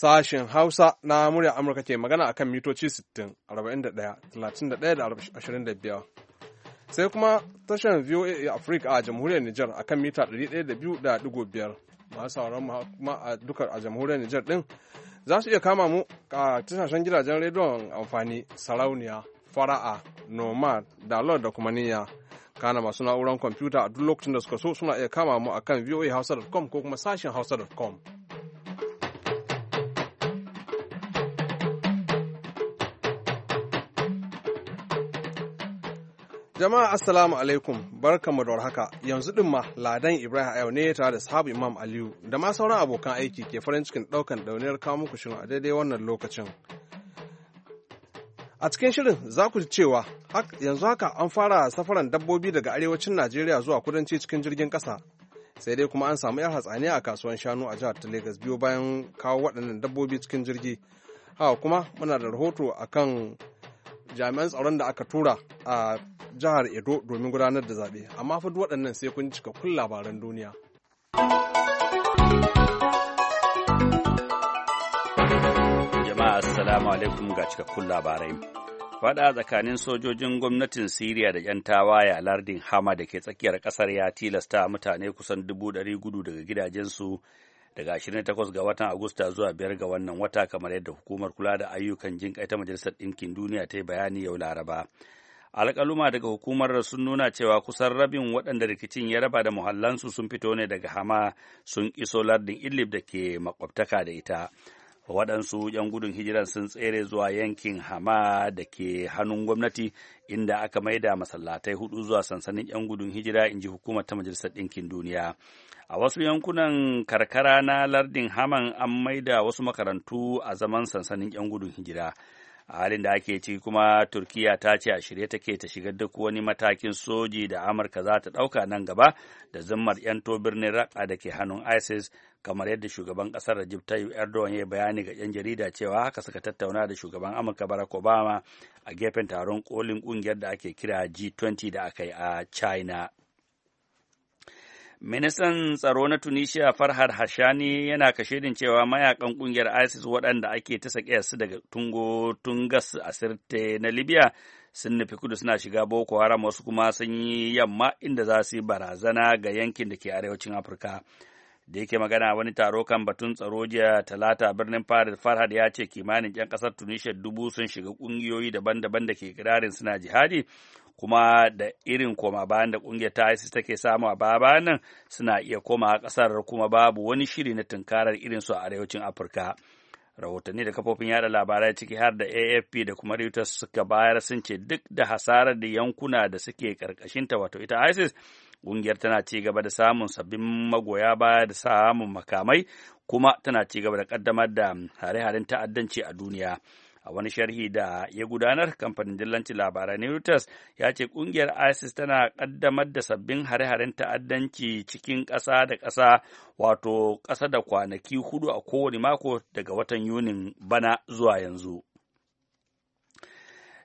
sashen Hausa na murya Amurka ke magana akan mitoci 60, da 25. Sai kuma tashar VOA Africa a jamhuriyar Nijar akan mita 102.5 masu sauran kuma a duka a jamhuriyar Nijar din za su iya kama mu a tashashen gidajen rediyon amfani sarauniya fara'a nomad dalot da kuma niyya kana masu na'urar kwamfuta a duk lokacin da suka so suna iya kama mu akan voahausa.com ko kuma sashen hausa.com Jama'a Assalamu alaikum barkamu da warhaka yanzu ɗin ma Ladan Ibrahim Ayau ne tare da sahabu Imam Aliyu da ma sauran abokan aiki ke farin cikin ɗaukan ɗauniyar kawo muku shirin a daidai wannan lokacin. A cikin shirin za ku ji cewa yanzu haka an fara safaran dabbobi daga arewacin Najeriya zuwa kudanci cikin jirgin ƙasa. Sai dai kuma an samu 'yar hatsaniya a kasuwan shanu a jihar ta Legas biyo bayan kawo waɗannan dabbobi cikin jirgi. Haka kuma muna da rahoto akan jami'an tsaron da aka tura a jihar Edo domin gudanar da zaɓe, amma fa waɗannan sai kun cika kun labaran duniya. Jama'a Assalamu alaikum ga cikakkun labarai. Faɗa tsakanin sojojin gwamnatin Siriya da 'yan tawaye a lardin Hama da ke tsakiyar kasar ya tilasta mutane kusan dubu ɗari gudu daga gidajensu daga 28 ga watan Agusta zuwa biyar ga wannan wata kamar yadda hukumar kula da ayyukan jinkai ta Majalisar Ɗinkin Duniya ta yi bayani yau Laraba. alƙaluma daga hukumar sun nuna cewa kusan rabin waɗanda rikicin ya raba da muhallansu sun fito ne daga hama sun iso lardin idlib da ke makwabtaka da ita waɗansu 'yan gudun hijiran sun tsere zuwa yankin hama da ke hannun gwamnati inda aka maida masallatai hudu zuwa sansanin 'yan gudun hijira in ji hukumar ta majalisar ɗinkin duniya a wasu yankunan karkara na lardin haman an maida wasu makarantu a zaman sansanin 'yan gudun hijira a halin da ake ciki kuma turkiya ta ce a shirye take ta shigar duk wani matakin soji da amurka za ta ɗauka nan gaba da zimmar 'yanto birnin rak'a da ke hannun isis kamar yadda shugaban ƙasar Recep Tayyip Erdogan ya bayani ga 'yan jarida cewa haka suka tattauna da shugaban Amurka Barack Obama a gefen taron kolin ƙungiyar da ake kira G20 da aka yi a China. Ministan tsaro na Tunisia Farhad Hashani yana kashedin cewa mayakan kungiyar ISIS waɗanda ake ta su daga Tungo Tungas a Sirte na Libya sun nufi kudu suna shiga Boko Haram wasu kuma sun yi yamma inda za su yi barazana ga yankin da ke arewacin Afirka. da yake magana wani taro kan batun tsaro jiya talata birnin paris farhad ya ce kimanin 'yan kasar tunisia dubu sun shiga ƙungiyoyi daban-daban da ke kirarin suna jihadi kuma da irin koma bayan da kungiyar ta ISIS take samu a baya nan suna iya koma kasar kuma babu wani shiri na tunkarar irin su a arewacin Afirka. Rahotanni da kafofin yada labarai ciki har da AFP da kuma Reuters suka bayar sun ce duk da hasarar da yankuna da suke karkashinta wato ita ISIS Ƙungiyar tana ci gaba da samun sabbin magoya baya da samun makamai kuma tana ci gaba da ƙaddamar da hare-haren ta'addanci a duniya. a wani sharhi da ya gudanar kamfanin dillancin labarai na reuters ya ce kungiyar isis tana kaddamar da sabbin hare-haren ta'addanci cikin ƙasa da ƙasa wato ƙasa da kwanaki hudu a kowane mako daga watan yunin bana zuwa yanzu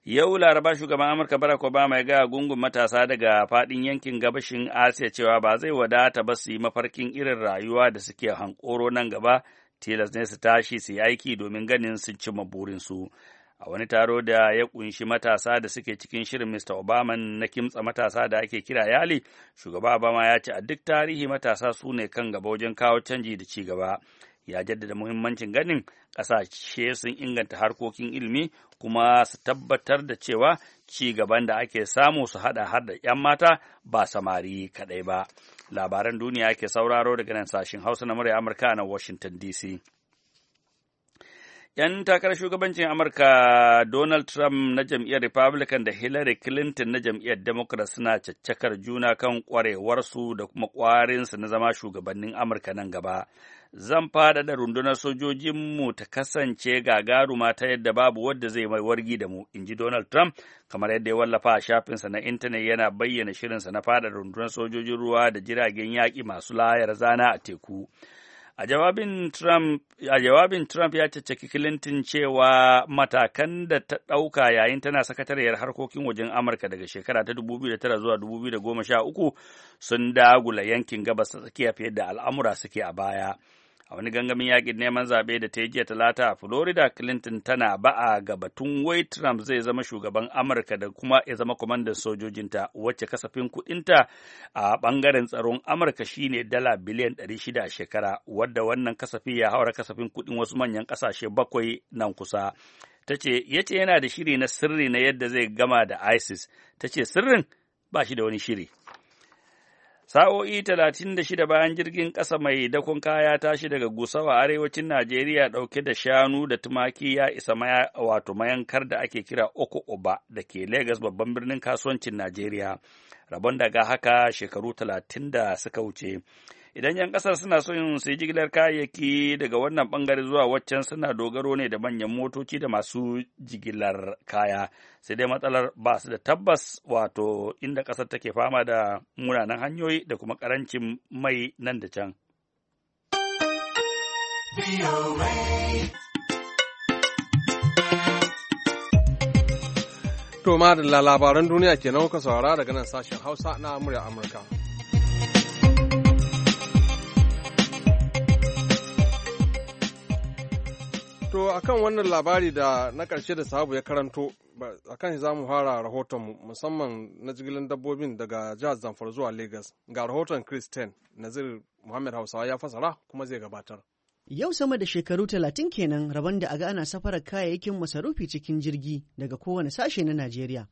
Yau Laraba shugaban Amurka Barack Obama ya ga gungun matasa daga fadin yankin gabashin Asiya cewa ba zai wadata ba su yi mafarkin irin rayuwa da suke hankoro nan gaba tilas ne su tashi su yi aiki domin ganin sun cimma burinsu a wani taro da ya kunshi matasa da suke cikin shirin Mr. Obama na kimtsa matasa da ake kira yali shugaba Obama ya ce a duk tarihi matasa su ne kan gaba wajen kawo canji da ci gaba ya jaddada muhimmancin ganin ƙasashe sun inganta harkokin ilimi kuma su tabbatar da cewa ci gaban da ake samu su haɗa har da 'yan mata ba samari kaɗai ba. labaran duniya ke sauraro daga nan sashen hausa na murya amurka na washington dc ‘Yan takarar shugabancin Amurka Donald Trump na jam'iyyar Republican da Hillary Clinton na jam'iyyar Democrat suna caccakar juna kan kwarewarsu da kuma kwarinsu na zama shugabannin Amurka nan gaba. zan faɗaɗa rundunar sojojinmu ta kasance gagaruma ta yadda babu wadda zai mai wargi da mu inji donald trump kamar yadda ya wallafa a shafinsa na intanet yana bayyana shirinsa na faɗaɗa rundunar sojojin ruwa da jiragen yaƙi masu layar zana a teku a jawabin trump ya caccaki clinton cewa matakan da ta ɗauka yayin tana sakatariyar harkokin wajen amurka daga shekara ta 2009 zuwa 2013 sun dagula yankin gabas ta tsakiya fiye da al'amura suke a baya wani gangamin yakin neman zaɓe da ta yi jiya talata a florida clinton tana ba'a ga batun wai trump zai zama shugaban amurka da kuma ya zama kwamandan sojojinta wacce kasafin kuɗinta a ɓangaren tsaron amurka shine dala biliyan 600 a shekara wadda wannan kasafi ya haura kasafin kuɗin wasu manyan ƙasashe bakwai nan kusa ta ce ya ce yana da shiri na sirri na yadda zai gama da isis ta ce sirrin ba shi da wani shiri Sa'o'i talatin da shida bayan jirgin ƙasa mai dakon kaya tashi daga Gusawa arewacin Najeriya ɗauke da shanu da tumaki ya isa maya wato mayankar da ake kira Oko Oba da ke Legas babban birnin kasuwancin Najeriya. Rabon daga haka shekaru talatin da suka wuce. idan 'yan kasar suna son su jigilar kayayyaki daga wannan bangare zuwa waccan suna dogaro ne da manyan motoci da masu jigilar kaya sai dai matsalar ba su da tabbas wato inda kasar take fama da munanan hanyoyi da kuma karancin mai nan da can To ma da labaran duniya kenan kuka saurara daga nan sashen Hausa na murya Amurka. To akan wannan labari da na karshe da sahabu ya karanto a kan za mu fara rahotonmu musamman na jigilin dabbobin daga jihar Zamfara zuwa lagos ga rahoton Christian Nazir Muhammad Hausawa ya fasara kuma zai gabatar. Yau sama da shekaru talatin kenan rabon da aga ana safarar kayayyakin masarufi cikin jirgi daga kowane sashe na Najeriya.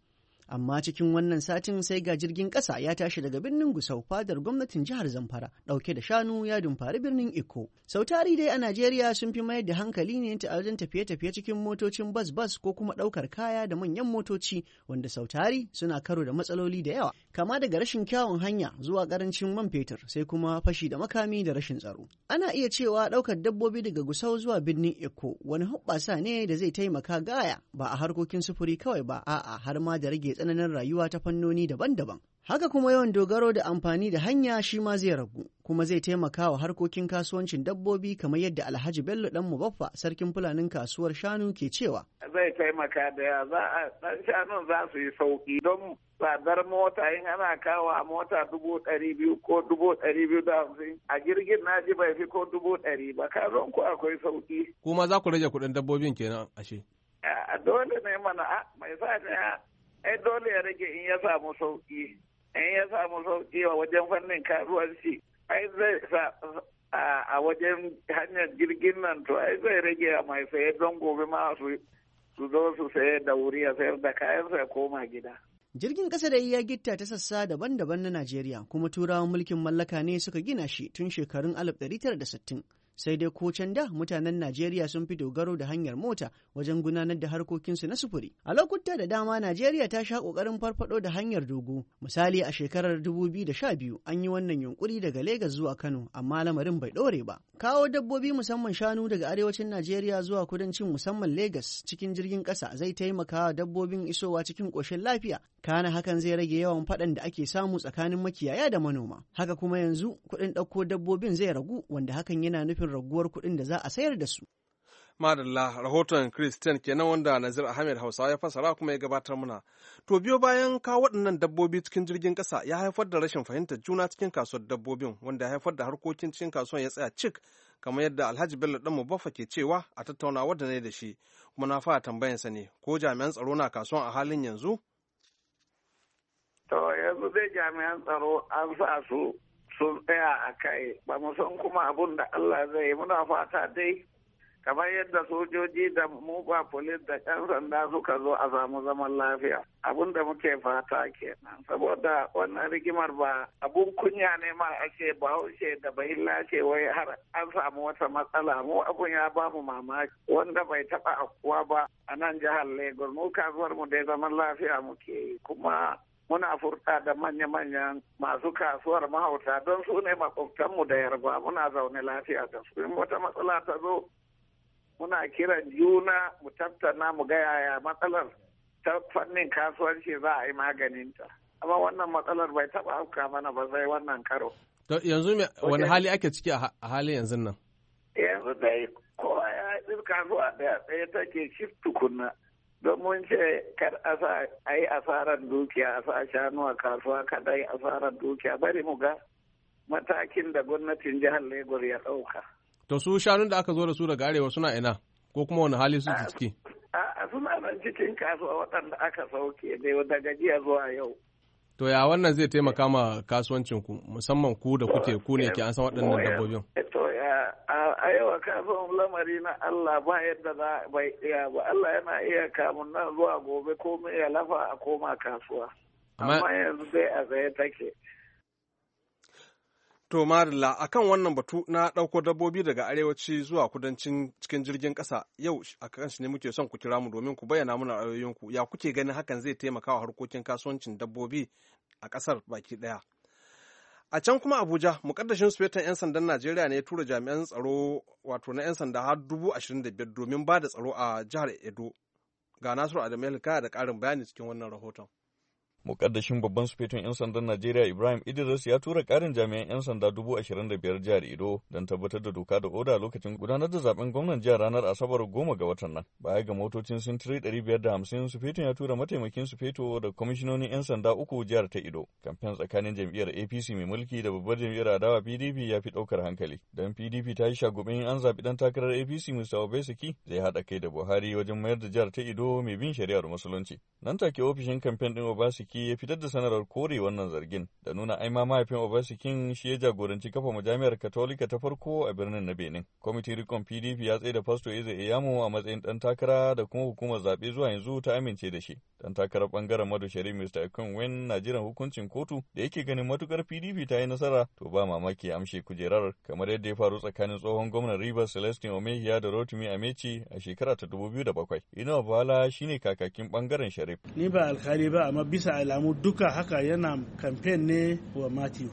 amma cikin wannan satin sai ga jirgin ƙasa ya tashi daga birnin Gusau fadar gwamnatin jihar Zamfara ɗauke da shanu ya dumfari birnin Iko. Sautari dai a Najeriya sun fi mayar da hankali ne ta wajen tafiye-tafiye cikin motocin bas-bas ko kuma ɗaukar kaya da manyan motoci wanda sautari suna karo da matsaloli da yawa kama daga rashin kyawun hanya zuwa ƙarancin man fetur sai kuma fashi da makami da rashin tsaro. Ana iya cewa ɗaukar dabbobi daga Gusau zuwa birnin Iko wani hubbasa ne da zai taimaka gaya ba a harkokin sufuri kawai ba a'a har ma da rage tsananin rayuwa ta fannoni daban-daban. Haka kuma yawan dogaro da amfani da hanya shi ma zai ragu, kuma zai taimaka wa harkokin kasuwancin dabbobi kamar yadda Alhaji Bello dan Mubaffa sarkin fulanin kasuwar shanu ke cewa. Zai taimaka da ya za a ɗan shanun za su yi sauƙi don tsadar mota in ana kawo a mota dubu ɗari biyu ko dubu ɗari biyu da hamsin a jirgin na ji bai fi ko dubu ɗari ba ka ku akwai sauƙi. Kuma za ku rage kuɗin dabbobin kenan ashe. Dole ne mana mai sa ai dole ya rage in ya samu sauki in ya samu sauki a wajen fannin shi ai zai sa a wajen hanyar jirgin nan to ai zai rage a mai saye don gobe ma su su zo su saye da wuri ya sayar da kayansa ya koma gida. Jirgin ƙasa da iya gitta ta sassa daban-daban na Najeriya kuma turawan mulkin mallaka ne suka gina shi tun shekarun 1960. sai dai ko can da mutanen Najeriya sun fi dogaro da hanyar mota wajen gudanar da harkokinsu na sufuri. A lokuta da dama Najeriya ta sha kokarin farfado da hanyar dogo. Misali a shekarar 2012 an yi wannan yunkuri daga Legas zuwa Kano amma lamarin bai ɗore ba. Kawo dabbobi musamman shanu daga arewacin Najeriya zuwa kudancin musamman Legas cikin jirgin ƙasa zai taimaka dabbobin isowa cikin koshin lafiya. Kana hakan zai rage yawan faɗan da ake samu tsakanin makiyaya da manoma. Haka kuma yanzu kuɗin ɗauko dabbobin zai ragu wanda hakan yana nufin nufin raguwar kuɗin da za a sayar da su. Madalla rahoton Christian kenan wanda Nazir Ahmed Hausa ya fasara kuma ya gabatar muna. To biyo bayan kawo waɗannan dabbobi cikin jirgin ƙasa ya haifar da rashin fahimtar juna cikin kasuwar dabbobin wanda ya haifar da harkokin cikin kasuwar ya tsaya cik kamar yadda Alhaji Bello Ɗanmu Baffa ke cewa a tattaunawar da na da shi kuma na fara tambayansa ne ko jami'an tsaro na kasuwar a halin yanzu? To yanzu dai jami'an tsaro an sa su sun tsaya a kai ba mu san kuma abun da Allah zai yi muna fata dai kamar yadda sojoji da mu ba polis da yan sanda suka zo a samu zaman lafiya abun da muke fata kenan saboda wannan rigimar ba abun kunya ne ma ake bahaushe da bai lace wai har an samu wata matsala mu abun ya ba mu mamaki wanda bai taba akuwa ba a nan jihar lagos mu kasuwar mu dai zaman lafiya muke yi kuma muna furta da manya-manyan masu kasuwar mahauta don su ne makwabtanmu da yarba muna zaune lafiya da su in wata matsala ta zo muna kiran juna mu tattauna mu ga yaya matsalar ta fannin kasuwanci za a yi maganinta amma wannan matsalar bai taba hauka mana ba sai wannan karo yanzu wani hali ake ciki a halin yanzu nan yanzu dai kowa ya yi kasuwa daya tsaye take shift tukunna don mun ce kar a yi asarar dukiya a sa shanu a kasuwa kada asarar dukiya bari mu ga matakin da gwamnatin jihar Lagos ya ɗauka. To su shanun da aka zo da su daga arewa suna ina ko kuma wani hali su ciki? A suna nan cikin kasuwa waɗanda aka sauke daga jiya zuwa yau. To ya wannan zai taimaka ma kasuwancin ku musamman ku da kuke ku ne ke an san waɗannan dabbobin. Eh, to ya a yawa kasuwan lamari na Allah ba yadda za bai ya ba Allah yana iya kamun nan zuwa gobe komai ya lafa a koma kasuwa. Amma yanzu sai a tsaye take. To Marilla, a kan wannan batu na ɗauko dabbobi daga arewaci zuwa kudancin cikin jirgin kasa yau a kan shi ne muke son ku kira mu domin ku bayyana mana ra'ayoyinku ya kuke ganin hakan zai taimaka wa harkokin kasuwancin dabbobi a ƙasar baki ɗaya. A can kuma Abuja, mukaddashin sufetan 'yan sandan Najeriya ne ya tura jami'an tsaro wato na 'yan sanda har dubu ashirin da biyar domin ba da tsaro a jihar Edo. Ga Nasiru Adamu da ƙarin bayani cikin wannan rahoton. mukaddashin babban sufetun 'yan sandan najeriya ibrahim idris ya tura karin jami'an 'yan sanda dubu ashirin da biyar jihar Edo don tabbatar da doka da oda lokacin gudanar da zaben gwamnan jihar ranar asabar goma ga watan nan baya ga motocin sintiri ɗari biyar da hamsin sufetun ya tura mataimakin sufeto da kwamishinonin 'yan sanda uku jihar ta Edo. kamfen tsakanin jam'iyyar apc mai mulki da babbar jam'iyyar adawa pdp ya fi ɗaukar hankali don pdp ta yi shagubin an zaɓi dan takarar apc mr obesiki zai haɗa kai da buhari wajen mayar da jihar ta ido mai bin shari'ar musulunci nan take ofishin kamfen ɗin obasiki Obaseki ya fitar da sanarwar kore wannan zargin da nuna aima mahaifin obasikin shi ya jagoranci kafa majami'ar Katolika ta farko a birnin na Benin. Kwamitin rikon PDP ya tsaye da Fasto Eze iyamu a matsayin ɗan takara da kuma hukumar zaɓe zuwa yanzu ta amince da shi. Ɗan takarar ɓangaren Madu Sharif Mr. Wen na jiran hukuncin kotu da yake ganin matukar PDP ta yi nasara to ba mamaki amshe kujerar kamar yadda ya faru tsakanin tsohon gwamnan Rivers Celestin Omehiya da Rotimi Amechi a shekara ta 2007. Ina Bala shine kakakin ɓangaren Sharif. Ni ba alkali ba amma bisa alamu duka haka yana kamfen ne wa matthew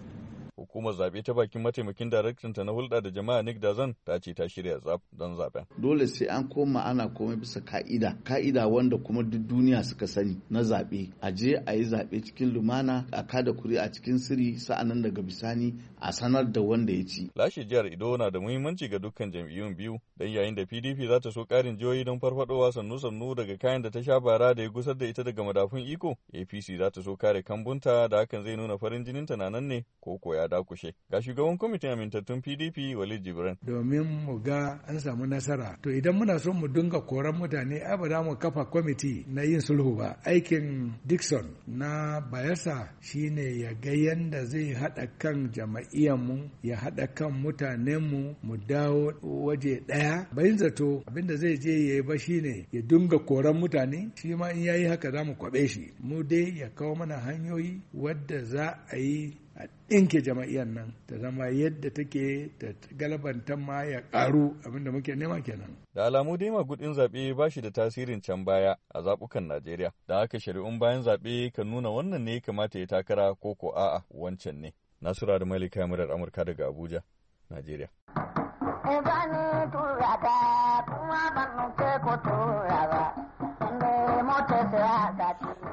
Hukumar zaɓe ta bakin mataimakin daraktan ta na hulɗa da jama'a Nick Dazan ta ce ta shirya zab don zaɓen. Dole sai an koma ana komai bisa ka'ida, ka'ida wanda kuma duk duniya suka sani na zaɓe. A je a yi zaɓe cikin lumana, a kada kuri a cikin sirri, sa'annan daga bisani a sanar da wanda ya ci. Lashe jihar Ido na da muhimmanci ga dukkan jam'iyyun biyu, don yayin da PDP za ta so ƙarin jihohi don farfadowa sannu-sannu daga kayan da ta sha bara da ya gusar da ita daga madafun iko, APC za ta so kare kambunta da hakan zai nuna farin ta na nan ne ko koya dakushe ga shugaban kwamitin amintattun pdp walid jibran domin mu ga an samu nasara to idan muna son mu dinga koran mutane ai ba za mu kafa kwamiti na yin sulhu ba aikin dixon na bayasa shine ya ga yanda zai haɗa kan mu ya haɗa kan mutanen mu dawo waje ɗaya bayin zato da zai je ya yi ba shine ya dinga koran mutane shi ma in yayi haka za mu kwaɓe shi mu dai ya kawo mana hanyoyi wadda za a yi a ɗinke jama'iyan nan ta zama yadda take ta galabantan ma ya ƙaru abinda muke nema kenan. Da alamu dai magudin zaɓe ba shi da tasirin can baya a zaɓukan Najeriya, da haka shari'un bayan zaɓe kan nuna wannan ne kamata ya takara ko ko a'a wancan ne. Nasura da Malika Murar Amurka daga Abuja, Najeriya. Eh, kuma ban ba,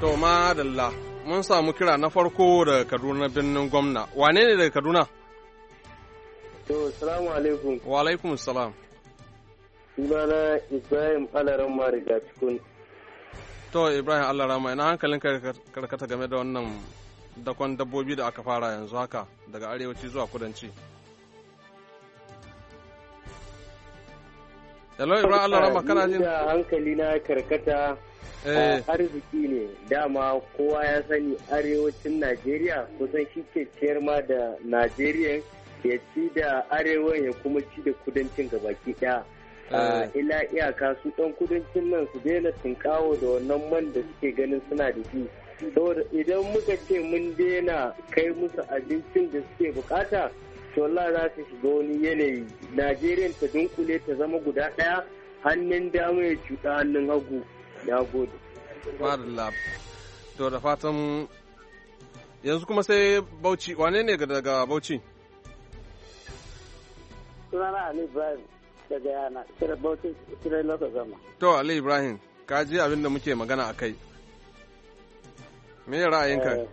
To ma dalla mun samu kira na farko daga Kaduna birnin gwamna. Wane ne daga Kaduna? To, salamu alaikum. Wa alaikum salam. Sunana Ibrahim Alarama daga cikin. To, Ibrahim Alarama, ina hankalin karkata game da wannan dakon dabbobi da aka fara yanzu haka daga arewaci zuwa kudanci. Hello, Ibrahim Alarama, kana jin? hankali na karkata Eh. arziki ne dama kowa ya sani arewacin najeriya kusan shi ke ciyar ma da najeriya ya ci da arewa ya kuma ci da kudancin gabaki daya eh. ah, ila iyaka su ɗan kudancin nan su daina tunkawo da wannan man da suke ganin suna da shi saboda idan muka ce mun daina kai musu abincin da suke bukata to za ta shiga wani yanayi Najeriya ta dunkule ta zama guda ɗaya hannun dama ya cuta hannun hagu na gode madalla to da fatan yanzu kuma sai bauchi wane ne daga bauchi sunana ali ibrahim daga yana kira bauchi kira lokacin zama to ali ibrahim ka ji abin da muke magana a kai me ra'ayinka eh,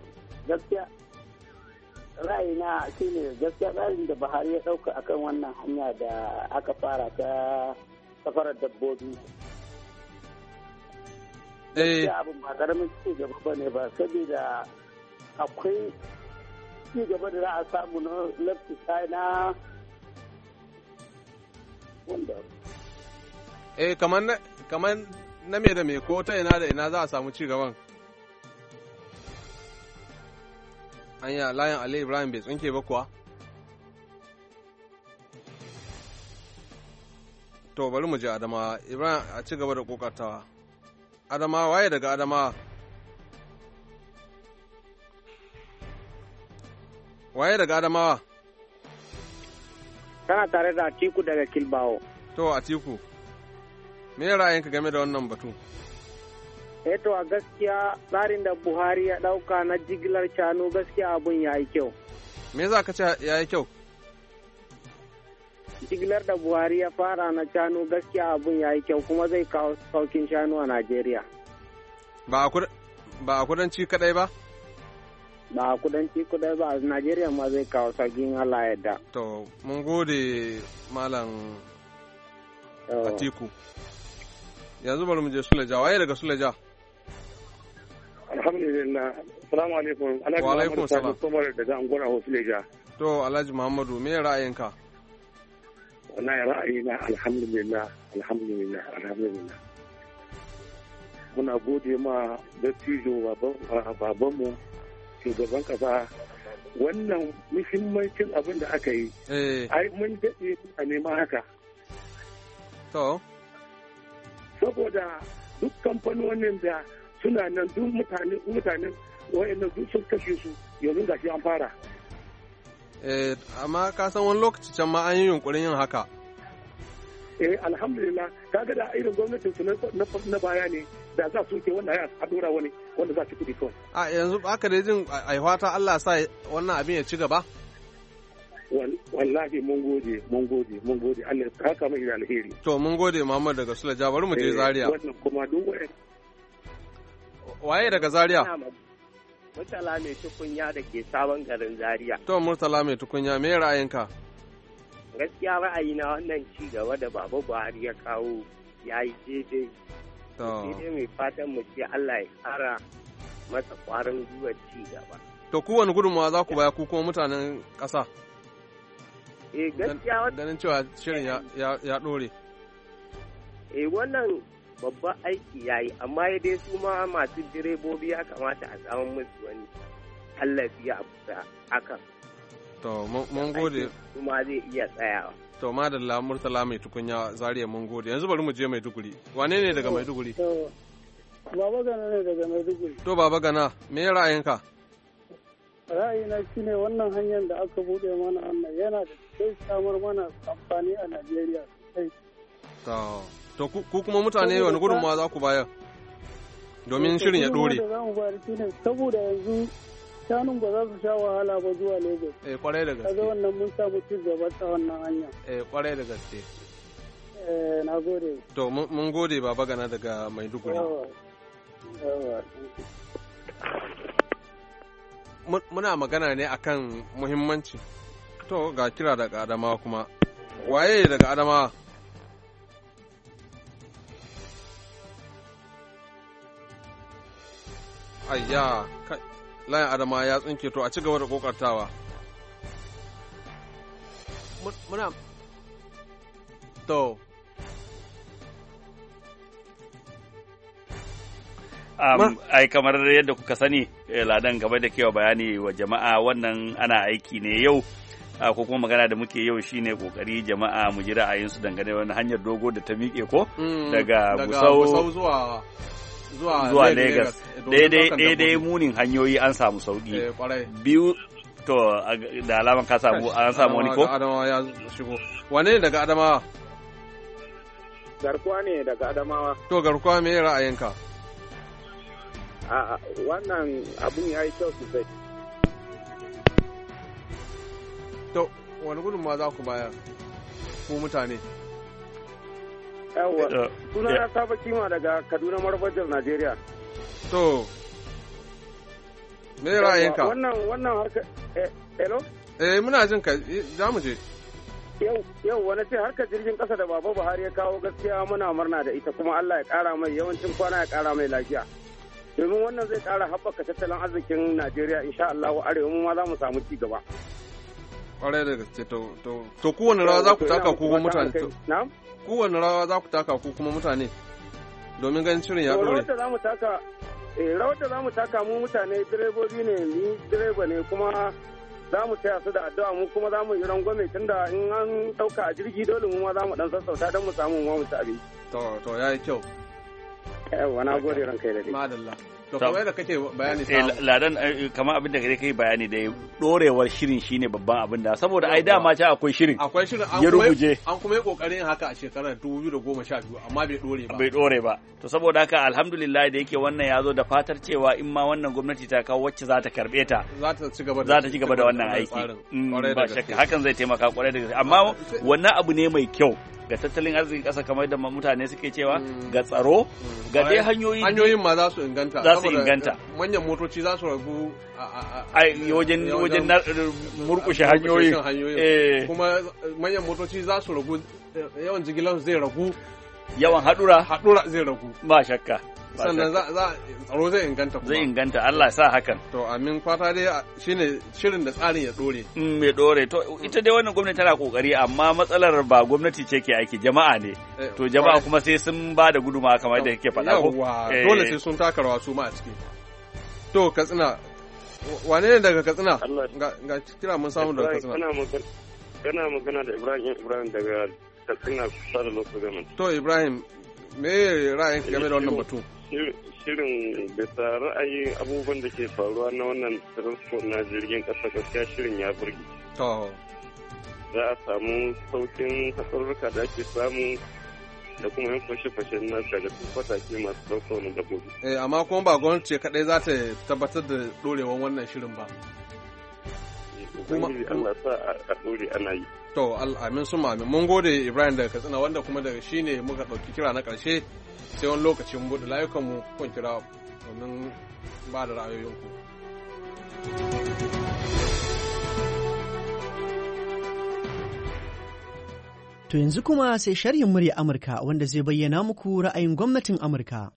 gaskiya ra'ayina ne gaskiya ra'ayin da buhari ya dauka akan wannan hanya da aka fara ta safarar dabbobi eh abin ba karamin ci gaba ba ne ba saboda akwai ci gaba da za a samu na left na wanda eh kamar na me da me ko ta ina da ina za a samu ci gaban anya layin ali ibrahim bai tsinke ba kuwa to bari mu je adama ibrahim a ci gaba da kokatawa Adama, waye daga adama Waye daga Adamawa? Kana tare da Atiku daga Kilbawo. To Atiku, me ra'ayinka game da wannan batu? Eto, eh a gaskiya tsarin da Buhari ya ɗauka na jigilar shanu gaskiya abun ya yi kyau. Me za ka ce ya yi kyau? jigilar da buhari ya fara na shanu gaskiya abun ya yi kyau kuma zai kawo saukin shanu a najeriya ba a kudanci kadai ba ba a kudanci kadai ba a najeriya ma zai kawo saukin allah yadda to mun gode malam atiku yanzu bari mu je suleja waye daga suleja alhamdulillah salamu alaikum alaikum salam to alhaji muhammadu me ra'ayinka wallahi ra'ayina alhamdulillah alhamdulillah alhamdulillah muna gode ma dattijo babanmu shugaban kasa wannan muhimmancin abin da aka yi eh. ai mun daɗe a nema haka to saboda duk kamfanonin da suna nan duk mutane mutanen wa'annan duk sun kashe su yanzu gashi an fara Eh, amma ka san wani lokaci can ma an yi yunkurin yin haka eh alhamdulillah kaga da irin gwamnatin su na baya ne da za su ke wanda ya a dora wani wanda za su kudi a yanzu aka da jin aihwata Allah sa wannan abin ya ci gaba wallahi mun gode mun gode mun gode Allah ya haka mai alheri to mun gode Muhammad daga Sulaja bari mu je eh, Zaria wannan kuma duk waye daga Zaria Murtala mai tukunya da ke sabon garin Zaria. To Murtala mai tukunya me ra'ayinka? Gaskiya ra'ayi na wannan ci gaba da Baba Buhari ya kawo ya yi daidai. To. Daidai mai fatan mu ce Allah ya kara masa kwarin zuwa ci gaba. To ku wani gudunmawa za ku baya ku kuma mutanen ƙasa? Eh gaskiya Ganin cewa shirin ya ɗore. Eh wannan babban aiki ya yi amma ya dai su ma masu direbobi ya kamata a samun musu wani tallafi a akan. To, mun gode. Kuma zai iya tsayawa. To, madalla Murtala mai tukunya zariya mun gode. Yanzu bari mu je Maiduguri. Wane ne daga Maiduguri? Baba Gana ne daga Maiduguri. To, Baba Gana, me ra'ayinka? Ra'ayina shi ne wannan hanyar da aka buɗe mana wannan yana da sai samar mana amfani a Najeriya sosai. To ku kuma mutane wani gudun ma za ku bayar? Domin eh, shirin ya dore. Saboda yanzu shanun ba za su sha wahala ba zuwa Lagos. Eh kwarai da gaske. Kaga wannan mun samu ci gaba ta wannan hanya. Eh kwarai da gaske. Eh na gode. To mun gode baba gana daga Maiduguri. Muna magana ne akan muhimmanci. To ga kira daga Adamawa kuma. Waye daga Adamawa? Ayya, layin adama ya tsinke to a ci gaba da kokartawa. Muna. To. Um, ai kamar yadda kuka sani eh, ladan gaba da kewa bayani wa jama'a wannan ana aiki ne yau uh, ko kuma magana da muke yau shine kokari jama'a mu ji ra'ayinsu dangane wani hanyar dogo da ta miƙe ko mm, daga, daga zuwa zuwa Legas daidai munin hanyoyi an samu sauki eh, biyu to da alaman ka samu an samu wani ko Adamawa ya shigo wane ne daga Adamawa garkuwa ne daga Adamawa to garkuwa me ra'ayinka a wannan abun ya yi kyau sai. to wani gudunmawa za ku bayar ko mutane Yawwa. Eh, Suna na saba kima daga Kaduna Marfajar Najeriya. To. Me ra'ayinka? Wannan wannan harka eh, hello? Eh muna jin ka eh, za mu je. Yau wani ce harka jirgin kasa da Baba Buhari ya kawo gaskiya muna murna da ita kuma Allah ya kara mai yawancin kwana ya kara mai lafiya. Domin wannan zai kara haɓaka tattalin arzikin Najeriya insha Allah wa arewa mu ma za mu samu ci gaba. Kwarai da gaske to to to kowane rawa za ku taka kogon mutane. Na'am. kowane rawa za ku taka ku kuma mutane domin ganin shirin ya dore. Rawar da za mu taka eh, rawar da za mu taka mu mutane direbobi ne ni direba ne kuma za mu taya su da addu'a mu kuma za mu yi rangwame tunda in an ɗauka a jirgi dole mu ma za mu ɗan sassauta don mu samu mu ci abinci. To to ya yi kyau. yawa na gode ranka da madalla to kamar da kake bayani eh, ladan eh, kamar abin da kake kai bayani da dorewar shirin shine babban abin da saboda ai dama ce akwai shirin akwai shirin an kuma an kuma yi kokarin haka a shekarar 2012 amma bai dore ba bai dore ba to saboda haka alhamdulillah da yake wannan ya zo da fatar cewa in ma wannan gwamnati ta kawo wacce za ta karbe ta za ta ci gaba za ta ci gaba da wannan aiki mm, ba shakka hakan zai taimaka kwarai da gaske amma wannan abu ne mai kyau ga tattalin arzikin kasa kamar da mutane suke cewa mm. ga tsaro mm. ga dai hanyoyi hanyoyin ma za su inganta za su inganta manyan motoci za su ragu a wajen wajen uh, murkushe hanyoyi. Eh. kuma manyan motoci za su ragu eh, yawan jigilar zai ragu yawan hadura hadura zai ragu ba shakka sannan tsaro zai inganta kuma zai inganta Allah sa hakan to amin fata dai shine shirin da tsarin ya dore mai mm, dore to ita dai wannan gwamnati tana kokari amma matsalar ba gwamnati ce ke aiki jama'a ne eh, to jama'a kuma sai sun ba da guduma kamar da kake faɗa ko eh. dole sai sun taka rawa su ma a ciki to katsina wane ne daga katsina ga kira mun samu daga katsina kana magana da ibrahim eh, ibrahim daga katsina kusa da lokacin to ibrahim me ra'ayin game da wannan batun. shirin bisa ra'ayin abubuwan da ke faruwa na wannan transport na jirgin kasar gaskiya shirin ya burge. Za a samu saukin hatsarurruka da ake samu da kuma yan fashe fashe na daga fatake masu ɗaukar wani dabbobi. Eh, amma kuma ba gwamnati ce kadai za ta tabbatar da dorewan wannan shirin ba. Eh, kuma Allah sa a ana yi. To al'amin su mami mun gode Ibrahim daga Katsina wanda kuma daga shi ne muka ɗauki kira na ƙarshe sai wani lokacin buɗe layukanmu kun kira domin ba da ra'ayoyinku. To yanzu kuma sai sharhin murya Amurka wanda zai bayyana muku ra'ayin gwamnatin Amurka.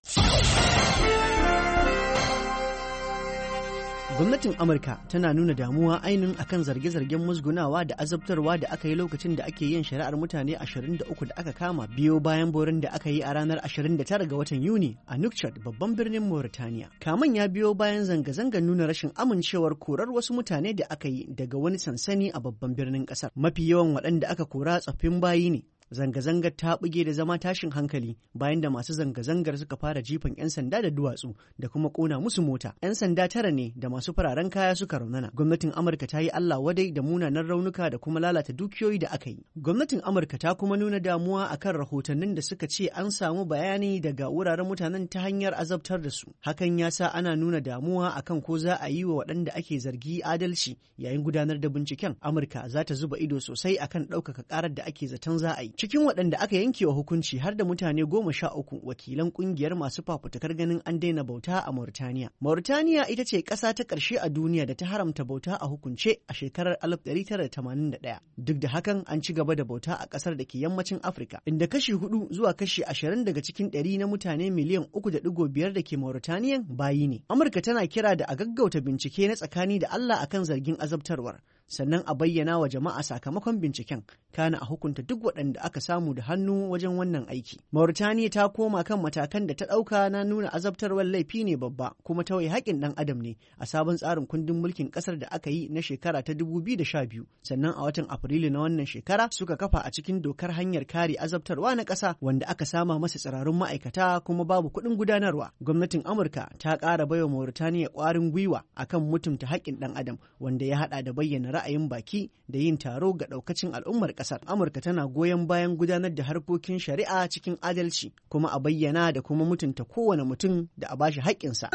Gwamnatin Amurka tana nuna damuwa ainihin akan zarge-zargen musgunawa da azabtarwa da aka yi lokacin da ake yin shari'ar mutane 23 da aka kama biyo bayan borin da aka yi a ranar 29 ga watan Yuni a Nukchad babban birnin Mauritania. Kaman ya biyo bayan zanga-zangar nuna rashin amincewar korar wasu mutane da aka yi daga wani sansani a babban birnin kasar. Mafi yawan waɗanda aka kora tsoffin bayi ne zanga-zangar ta buge da zama tashin hankali bayan da masu zanga-zangar suka fara jifan 'yan sanda da duwatsu da kuma kona musu mota. 'Yan sanda tara ne da masu fararen kaya suka raunana. Gwamnatin Amurka ta yi Allah wadai da munanan raunuka da kuma lalata dukiyoyi da aka yi. Gwamnatin Amurka ta kuma nuna damuwa akan rahotannin da suka ce an samu bayani daga wuraren mutanen ta hanyar azabtar da su. Hakan ya sa ana nuna damuwa akan ko za a yi wa waɗanda ake zargi adalci yayin gudanar da binciken. Amurka za ta zuba ido sosai akan ɗaukaka ƙarar da ake zaton za a yi. Cikin waɗanda aka yanke wa hukunci har da mutane goma sha uku wakilan ƙungiyar masu fafutukar ganin an daina bauta a Mauritaniya. Mauritaniya ita ce ƙasa ta ƙarshe a duniya da ta haramta bauta a hukunce a shekarar 1981. Duk da hakan an ci gaba da bauta a ƙasar da ke yammacin Afirka, inda kashi hudu zuwa kashi ashirin daga cikin ɗari na mutane miliyan uku da ɗigo biyar da ke Mauritaniyan bayi ne. Amurka tana kira da a gaggauta bincike na tsakani da Allah akan zargin azabtarwar. sannan a bayyana wa jama'a sakamakon binciken kana a hukunta duk waɗanda aka samu da hannu wajen wannan aiki. Mauritaniya ta koma kan matakan da ta ɗauka na nuna azabtarwar laifi ne babba kuma tawai haƙƙin ɗan adam ne a sabon tsarin kundin mulkin ƙasar da aka yi na shekara ta 2012 sannan a watan Afrilu na wannan shekara suka kafa a cikin dokar hanyar kare azabtarwa na ƙasa wanda aka sama masa tsirarun ma'aikata kuma babu kuɗin gudanarwa. Gwamnatin Amurka ta ƙara baiwa Mauritaniya ƙwarin gwiwa akan mutumta haƙƙin ɗan adam wanda ya haɗa da bayyana ra'ayin baki da yin taro ga ɗaukacin al'ummar ƙasar. Amurka tana goyon bayan gudanar da harkokin shari'a cikin adalci kuma a bayyana da kuma mutunta kowane mutum da a bashi haƙƙinsa.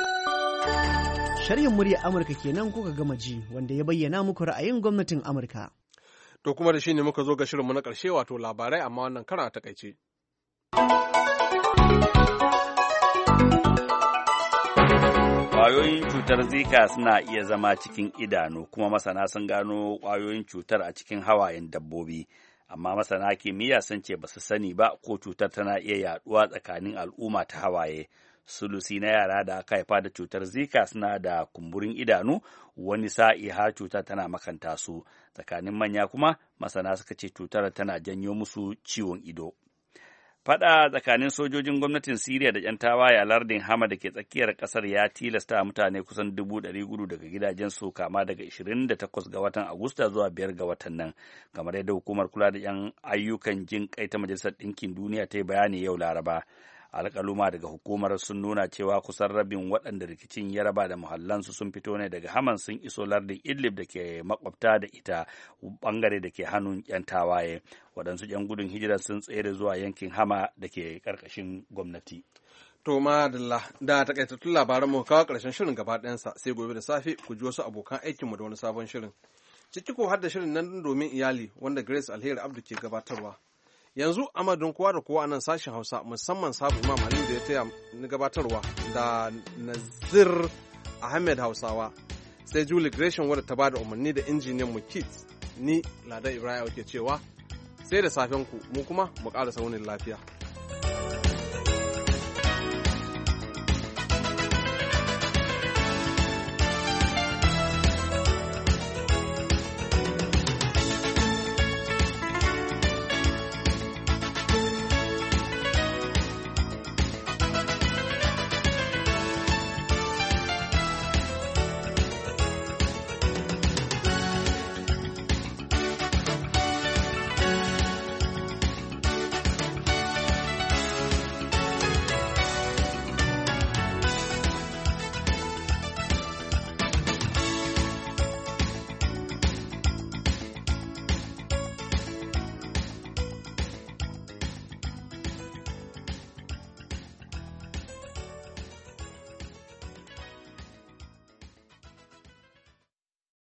Shari'in murya Amurka kenan kuka gama ji wanda ya bayyana muku ra'ayin gwamnatin Amurka. To kuma da shi ne muka zo ga shirinmu na ƙarshe wato labarai amma wannan kara a takaice. kwayoyin cutar Zika suna iya zama cikin idanu kuma masana sun gano kwayoyin cutar a cikin hawayen dabbobi. Amma masana kimiyya sun ce ba su sani ba ko cutar tana iya yaduwa tsakanin al'umma ta hawaye. Sulusi na yara da aka haifa da cutar Zika suna da kumburin idanu wani sa'i har cutar tana makanta su. Tsakanin manya kuma masana suka ce cutar tana janyo musu ciwon ido. Fada tsakanin sojojin gwamnatin Siriya da 'yan tawaye a lardin Hama da ke tsakiyar kasar ya tilasta mutane kusan dubu ɗari gudu daga gidajen su kama daga 28 ga watan Agusta zuwa 5 ga watan nan, kamar yadda hukumar kula da 'yan ayyukan jin kai ta Majalisar Ɗinkin Duniya ta yi bayani yau Laraba. alkaluma daga hukumar sun nuna cewa kusan rabin waɗanda rikicin ya raba da muhallansu sun fito ne daga haman sun iso lardin idlib da ke makwabta da ita bangare da ke hannun 'yan tawaye waɗansu 'yan gudun hijira sun tsere zuwa yankin hama da ke ƙarƙashin gwamnati To madalla da takaitattun labaran mu kawo ƙarshen shirin gaba ɗayansa sai gobe da safe ku ji wasu abokan aikinmu da wani sabon shirin. Ciki ko har da shirin nan domin iyali wanda Grace Alheri Abdu ke gabatarwa. yanzu amadun kowa da kowa anan nan sashen hausa musamman sabu imam da ya taya na gabatarwa da nazir ahmed hausawa sai julie gresham wadda ta bada umarni da injiniyan mu kit ni lada ibrahim ke cewa sai da safen ku mu kuma mu ƙara saunin lafiya